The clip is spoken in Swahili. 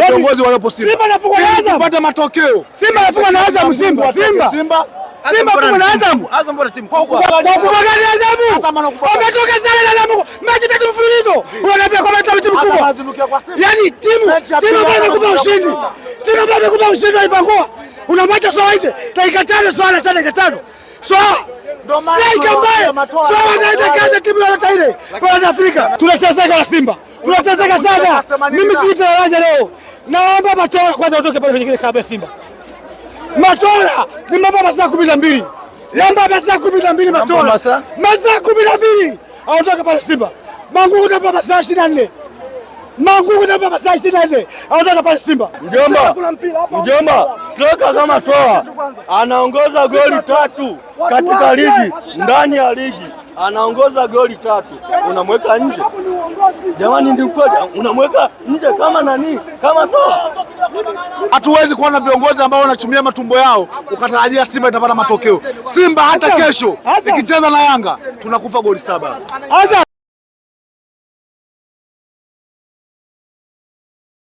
Yaani viongozi walipo Simba Simba anafungwa na Azam. Tupate matokeo. Simba anafungwa na Azam Simba. Simba. Simba. Simba kwa na Azam. Azam bora timu. Kwa kwa gani Azam? Wametoka sare na Azam. Mechi tatu mfululizo. Unaambia kwamba ni timu kubwa. Yaani timu timu ambayo imekupa ushindi. Timu ambayo imekupa ushindi haipangoa. Unamwacha sawa nje. Dakika tano sawa na dakika tano. Sawa. Sasa ambaye sawa anaweza kaza timu yote ile. Kwa Afrika. Tunachezeka na Simba tunachezeka sana. Mimi si sijitaraja leo, naomba Matola kwanza utoke pale kwenye kile klabu ya Simba. Matola ni mambo masaa kumi na mbili namba masaa kumi na mbili Matola masaa kumi na mbili aondoke pale Simba. Mangungu namba masaa ishirini na nne Mangungu namba masaa ishirini na nne aondoke pale Simba. Mjomba, mjomba toka kama soa anaongoza goli tatu katika ligi ndani ya ligi anaongoza goli tatu, unamweka nje? Jamani, ndio kweli, unamweka nje kama nani? Kama sawa. Hatuwezi kuwa na viongozi ambao wanachumia matumbo yao ukatarajia Simba itapata matokeo. Simba hata kesho ikicheza na Yanga tunakufa goli saba.